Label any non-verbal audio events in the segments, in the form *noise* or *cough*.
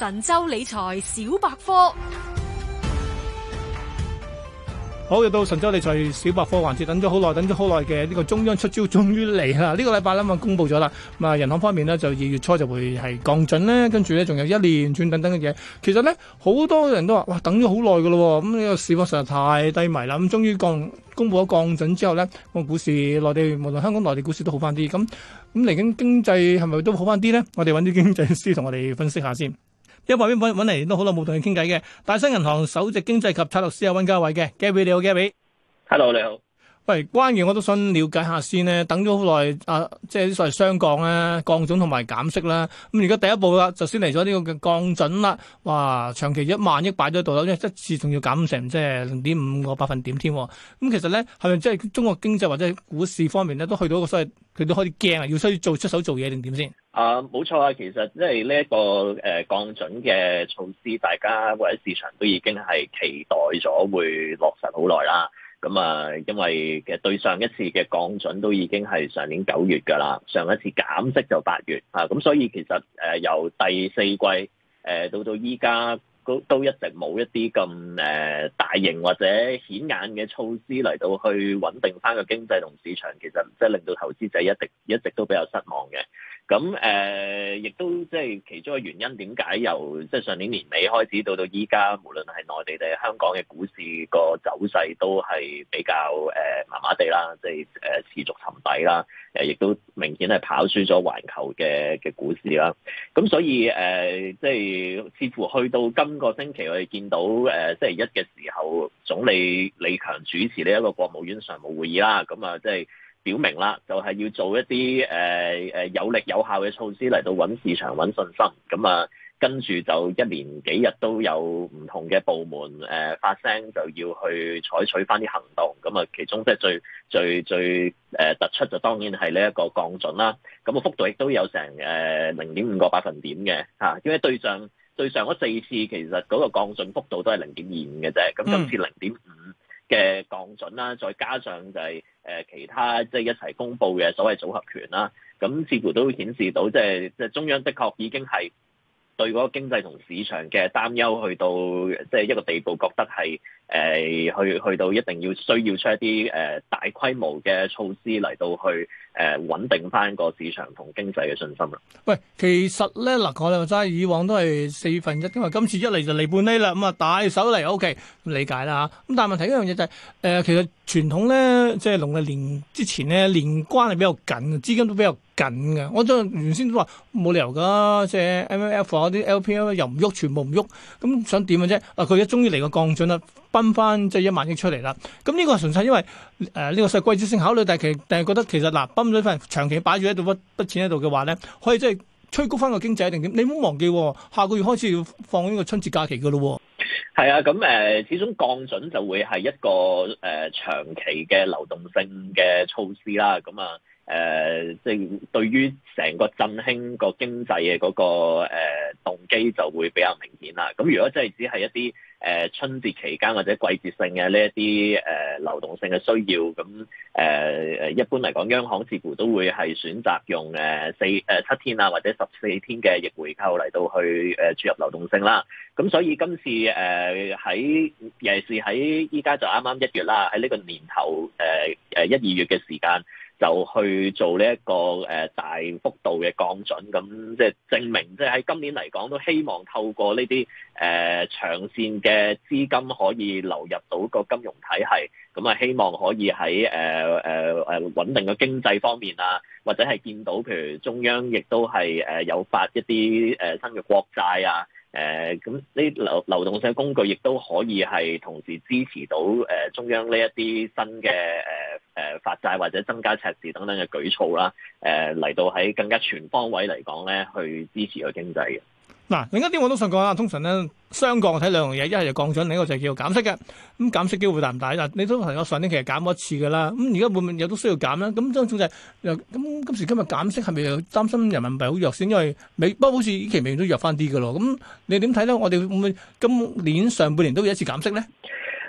神州理財小百科，好，又到神州理財小百科環節，等咗好耐，等咗好耐嘅呢個中央出招終於嚟啦。呢、這個禮拜啦嘛、嗯，公布咗啦。咁、嗯、啊，銀行方面呢，就二月初就會係降準咧，跟住咧仲有一連串等等嘅嘢。其實呢，好多人都話哇，等咗好耐噶咯，咁、嗯、呢、這個市況實在太低迷啦。咁終於降公布咗降準之後呢，個、嗯、股市內地無論香港內地股市都好翻啲。咁咁嚟緊經濟係咪都好翻啲呢？我哋揾啲經濟師同我哋分析下先。因為邊搵嚟都好耐冇同你傾偈嘅，大新銀行首席經濟及策略師阿溫嘉煒嘅，Gary 你好，Gary Hello，你好。Gary Hello, 你好關鍵我都想了解下先咧，等咗好耐，阿、啊、即係所謂雙降咧，降準同埋減息啦。咁而家第一步啦，就先嚟咗呢個嘅降準啦。哇，長期一萬億擺咗喺度啦，因為一次仲要減成即係零點五個百分點添。咁、嗯、其實咧，係咪即係中國經濟或者股市方面咧，都去到一個所謂佢都開始驚啊，要需要做出手做嘢定點先？啊，冇錯啊，其實即係呢一個誒降準嘅措施，大家或者市場都已經係期待咗會落實好耐啦。咁啊、嗯，因為其實對上一次嘅降準都已經係上年九月㗎啦，上一次減息就八月啊，咁、嗯、所以其實誒、呃，由第四季誒、呃、到到依家。都都一直冇一啲咁誒大型或者顯眼嘅措施嚟到去穩定翻個經濟同市場，其實即係令到投資者一直一直都比較失望嘅。咁誒亦都即係其中嘅原因點解由即係上年年尾開始到到依家，無論係內地定係香港嘅股市個走勢都係比較誒麻麻地啦，即係誒持續沉底啦。誒、啊、亦都明顯係跑輸咗環球嘅嘅股市啦。咁、啊、所以誒即係似乎去到今。今個星期我哋見到誒星期一嘅時候，總理李強主持呢一個國務院常務會議啦，咁啊，即係表明啦，就係要做一啲誒誒有力有效嘅措施嚟到穩市場，穩信心。咁、嗯、啊，跟住就一連幾日都有唔同嘅部門誒、呃、發聲，就要去採取翻啲行動。咁、嗯、啊，其中即係最最最誒突出就當然係呢一個降準啦。咁、嗯、個幅度亦都有成誒零點五個百分點嘅嚇、啊，因為對象。對上嗰四次其實嗰個降準幅度都係零點二五嘅啫，咁今次零點五嘅降準啦，再加上就係誒其他即係一齊公布嘅所謂組合拳啦，咁似乎都顯示到即係即係中央的確已經係對嗰個經濟同市場嘅擔憂去到即係一個地步，覺得係。誒，去去到一定要需要出一啲誒，大規模嘅措施嚟到去誒，穩定翻個市場同經濟嘅信心嘅。喂，其實咧嗱，我哋真係以往都係四分一，因為，今次一嚟就嚟半厘啦，咁啊大手嚟，O K，理解啦嚇。咁但係問題一樣嘢就係、是，誒、呃，其實傳統咧，即係農曆年之前咧，年關係比較緊，資金都比較緊嘅。我將原先都話冇理由噶，即係 M L F 嗰啲 L P R 又唔喐，全部唔喐，咁想點嘅啫？啊，佢一終於嚟個降準啦！揞翻即係一萬億出嚟啦，咁、這、呢個純粹因為誒呢、呃這個係季節性考慮，但係其但係覺得其實嗱，泵、呃、咗份長期擺住喺度一筆錢喺度嘅話咧，可以即係吹高翻個經濟一定點？你唔好忘記、哦，下個月開始要放呢個春節假期噶咯。係啊，咁、嗯、誒，始終降準就會係一個誒、呃、長期嘅流動性嘅措施啦。咁、嗯、啊，誒、呃，即係、就是、對於成個振興個經濟嘅嗰、那個誒、呃、動機就會比較明顯啦。咁、嗯、如果真係只係一啲。誒春節期間或者季節性嘅呢一啲誒流動性嘅需要，咁誒誒一般嚟講，央行似乎都會係選擇用誒四誒七天啊或者十四天嘅逆回購嚟到去誒、呃、注入流動性啦。咁所以今次誒喺、呃、尤其是喺依家就啱啱一月啦，喺呢個年頭誒誒一二月嘅時間。就去做呢一個誒大幅度嘅降準，咁即係證明，即係喺今年嚟講都希望透過呢啲誒長線嘅資金可以流入到個金融體系，咁啊希望可以喺誒誒誒穩定嘅經濟方面啊，或者係見到譬如中央亦都係誒有發一啲誒新嘅國債啊。誒咁呢流流動性工具亦都可以係同時支持到誒、呃、中央呢一啲新嘅誒誒發債或者增加赤字等等嘅舉措啦，誒、呃、嚟到喺更加全方位嚟講咧，去支持個經濟嘅。嗱、啊，另一啲我都想講啦。通常咧，雙降睇兩樣嘢，一係就降準，另一個就係叫減息嘅。咁、嗯、減息機會大唔大？嗱，你都提過上年期減過一次噶啦。咁而家會唔會有都需要減咧？咁相對就咁今時今日減息係咪又擔心人民幣好弱先？因為美不過好似呢期美元都弱翻啲噶咯。咁、嗯、你點睇咧？我哋會唔會今年上半年都會一次減息咧？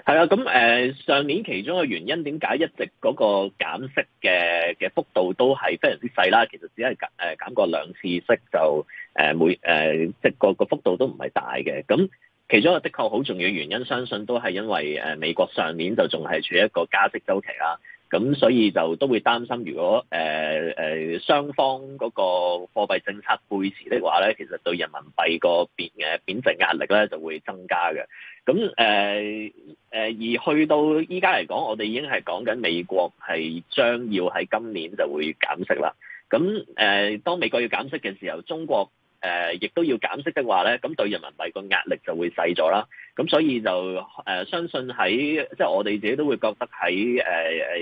係啊，咁誒、呃、上年其中嘅原因點解一直嗰個減息嘅嘅幅度都係非常之細啦？其實只係減誒、呃、減過兩次息就。誒每誒即個個幅度都唔係大嘅，咁其中一個的確好重要原因，相信都係因為誒美國上年就仲係處於一個加息周期啦，咁所以就都會擔心，如果誒誒、呃呃、雙方嗰個貨幣政策背持嘅話咧，其實對人民幣個貶誒貶值壓力咧就會增加嘅。咁誒誒而去到依家嚟講，我哋已經係講緊美國係將要喺今年就會減息啦。咁誒、呃、當美國要減息嘅時候，中國。誒，亦、呃、都要減息嘅話咧，咁對人民幣個壓力就會細咗啦。咁所以就誒、呃，相信喺即係我哋自己都會覺得喺誒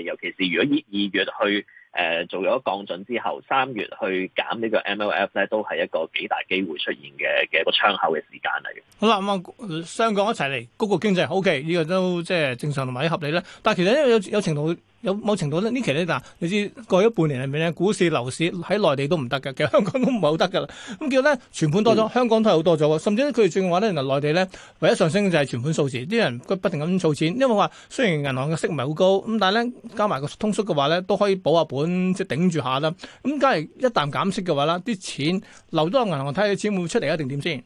誒，尤其是如果二月去誒、呃、做咗降準之後，三月去減呢個 MLF 咧，都係一個幾大機會出現嘅嘅一個窗口嘅時間嚟嘅。好啦，咁、嗯、啊，雙港一齊嚟，谷個經濟 O K，呢個都即係正常同埋合理啦。但係其實因為有有，有程度。有某程度咧，期呢期咧嗱，你知過咗半年入面咧，股市、樓市喺內地都唔得嘅，其實香港都唔係好得噶啦。咁叫咧存款多咗，嗯、香港都係好多咗。甚至佢哋最近嘅話咧，原來內地咧唯一上升嘅就係存款數字，啲人佢不停咁儲錢，因為話雖然銀行嘅息唔係好高，咁但係咧加埋個通縮嘅話咧，都可以保下本，即係頂住下啦。咁梗係一旦減息嘅話啦，啲錢留咗喺銀行睇下，啲錢，錢會唔會出嚟一定點先？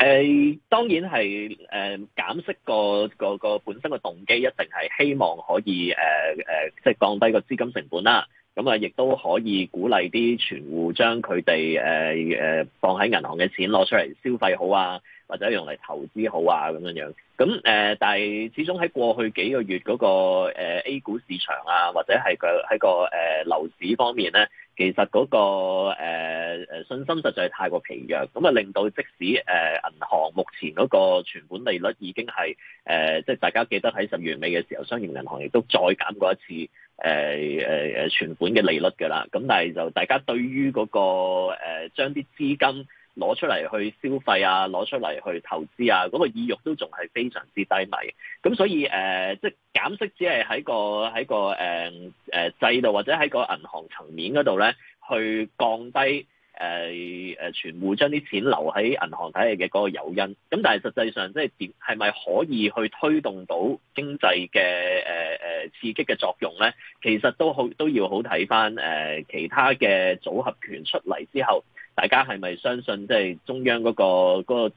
誒、呃、當然係誒減息個個個本身嘅動機一定係希望可以誒誒、呃呃，即係降低個資金成本啦。咁、嗯、啊，亦都可以鼓勵啲存戶將佢哋誒誒放喺銀行嘅錢攞出嚟消費好啊，或者用嚟投資好啊咁樣樣。咁、嗯、誒、呃，但係始終喺過去幾個月嗰、那個、呃、A 股市場啊，或者係個喺個誒樓、呃、市方面咧。其實嗰個誒誒信心實在太過疲弱，咁啊令到即使誒銀行目前嗰個存款利率已經係誒，即係大家記得喺十月尾嘅時候，商業銀行亦都再減過一次誒誒誒存款嘅利率㗎啦。咁但係就大家對於嗰個誒將啲資金攞出嚟去消費啊，攞出嚟去投資啊，嗰個意欲都仲係非常之低迷。咁所以誒，即係減息只係喺個喺個誒誒制度或者喺個銀行層面嗰度咧，去降低誒誒存戶將啲錢留喺銀行體系嘅嗰個誘因。咁但係實際上即係點係咪可以去推動到經濟嘅誒誒刺激嘅作用咧？其實都好都要好睇返誒其他嘅組合權出嚟之後。大家係咪相信即係中央嗰個嗰個嗰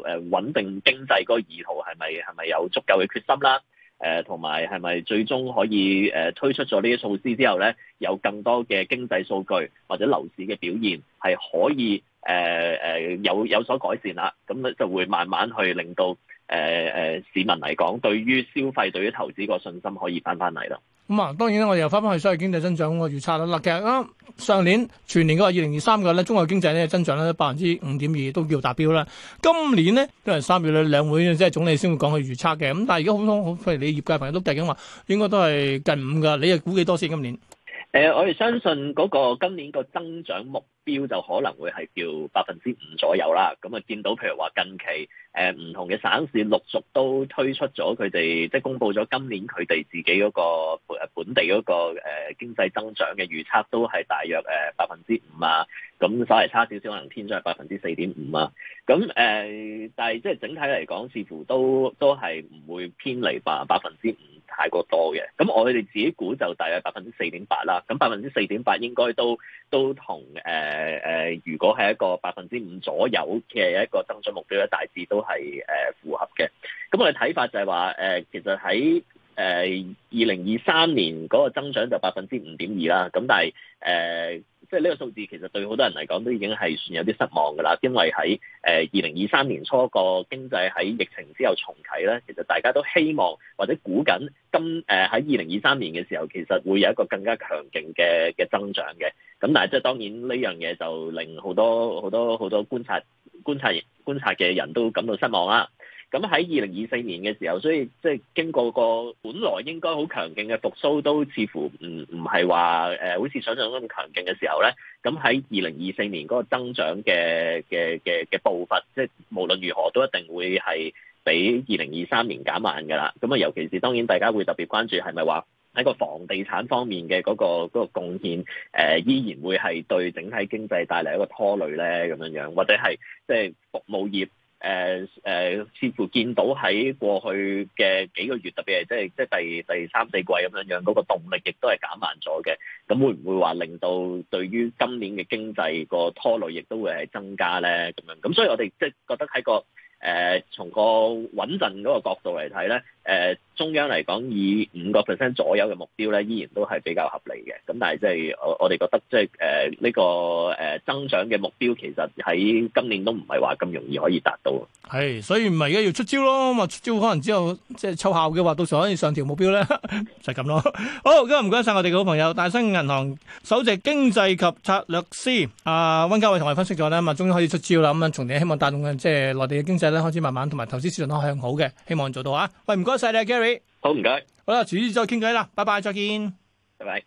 個誒穩定經濟嗰個意圖係咪係咪有足夠嘅決心啦？誒同埋係咪最終可以誒推出咗呢啲措施之後咧，有更多嘅經濟數據或者樓市嘅表現係可以誒誒有有所改善啦？咁咧就會慢慢去令到誒誒市民嚟講，對於消費對於投資個信心可以翻翻嚟啦。咁啊、嗯，當然咧，我哋又翻翻去所謂經濟增長個預測啦。嗱，其實啱、啊、上年全年嗰個二零二三嘅咧，中國經濟咧增長咧百分之五點二，都叫達標啦。今年咧，因為三月咧，兩會即係總理先會講佢預測嘅。咁、嗯、但係而家好多好譬如你業界朋友都計緊話，應該都係近五噶。你又估幾多先今年？誒、呃，我哋相信嗰個今年個增長目標就可能會係叫百分之五左右啦。咁啊，見到譬如話近期誒唔、呃、同嘅省市陸續都推出咗佢哋，即係公布咗今年佢哋自己嗰、嗰個本地嗰、嗰個誒、呃、經濟增長嘅預測，都係大約誒百分之五啊。咁稍為差少少，可能偏咗係百分之四點五啊。咁誒、呃，但係即係整體嚟講，似乎都都係唔會偏離百百分之五太過多嘅。咁我哋自己估就大概百分之四點八啦。咁百分之四點八應該都都同誒誒，如果係一個百分之五左右嘅一個增長目標咧，大致都係誒、呃、符合嘅。咁我哋睇法就係話，誒、呃、其實喺誒二零二三年嗰個增長就百分之五點二啦。咁但係誒、呃即係呢個數字其實對好多人嚟講都已經係算有啲失望㗎啦，因為喺誒二零二三年初個經濟喺疫情之後重啟咧，其實大家都希望或者估緊今誒喺二零二三年嘅時候其實會有一個更加強勁嘅嘅增長嘅，咁但係即係當然呢樣嘢就令好多好多好多觀察觀察觀察嘅人都感到失望啦。咁喺二零二四年嘅時候，所以即係經過個本來應該好強勁嘅復甦，都似乎唔唔係話誒，好似想象咁強勁嘅時候咧。咁喺二零二四年嗰個增長嘅嘅嘅嘅步伐，即係無論如何都一定會係比二零二三年減慢㗎啦。咁啊，尤其是當然大家會特別關注係咪話喺個房地產方面嘅嗰個嗰個貢獻，誒，依然會係對整體經濟帶嚟一個拖累咧咁樣樣，或者係即係服務業。誒誒、呃呃，似乎見到喺過去嘅幾個月，特別係即係即係第第三、四季咁樣樣，嗰、那個動力亦都係減慢咗嘅。咁會唔會話令到對於今年嘅經濟個拖累亦都會係增加咧？咁樣咁，所以我哋即係覺得喺個誒、呃、從個穩陣嗰個角度嚟睇咧，誒中央嚟講，以五個 percent 左右嘅目標咧，依然都係比較合理嘅。咁但係即係我我哋覺得，即係誒呢個誒、呃、增長嘅目標，其實喺今年都唔係話咁容易可以達到。係，所以唔係而家要出招咯。咁啊出招，可能之後即係奏效嘅話，到時候可以上調目標咧， *laughs* 就係咁咯。好，今日唔該晒我哋嘅好朋友大新銀行首席經濟及策略師阿、呃、溫嘉煒同我哋分析咗咧，咁啊終於可以出招啦。咁啊從你希望帶動嘅即係內地嘅經濟咧，開始慢慢同埋投資市，市場都向好嘅，希望做到啊。喂，唔該。多謝你 Gary，好唔該，好啦，主持再傾偈啦，拜拜，再見，拜拜。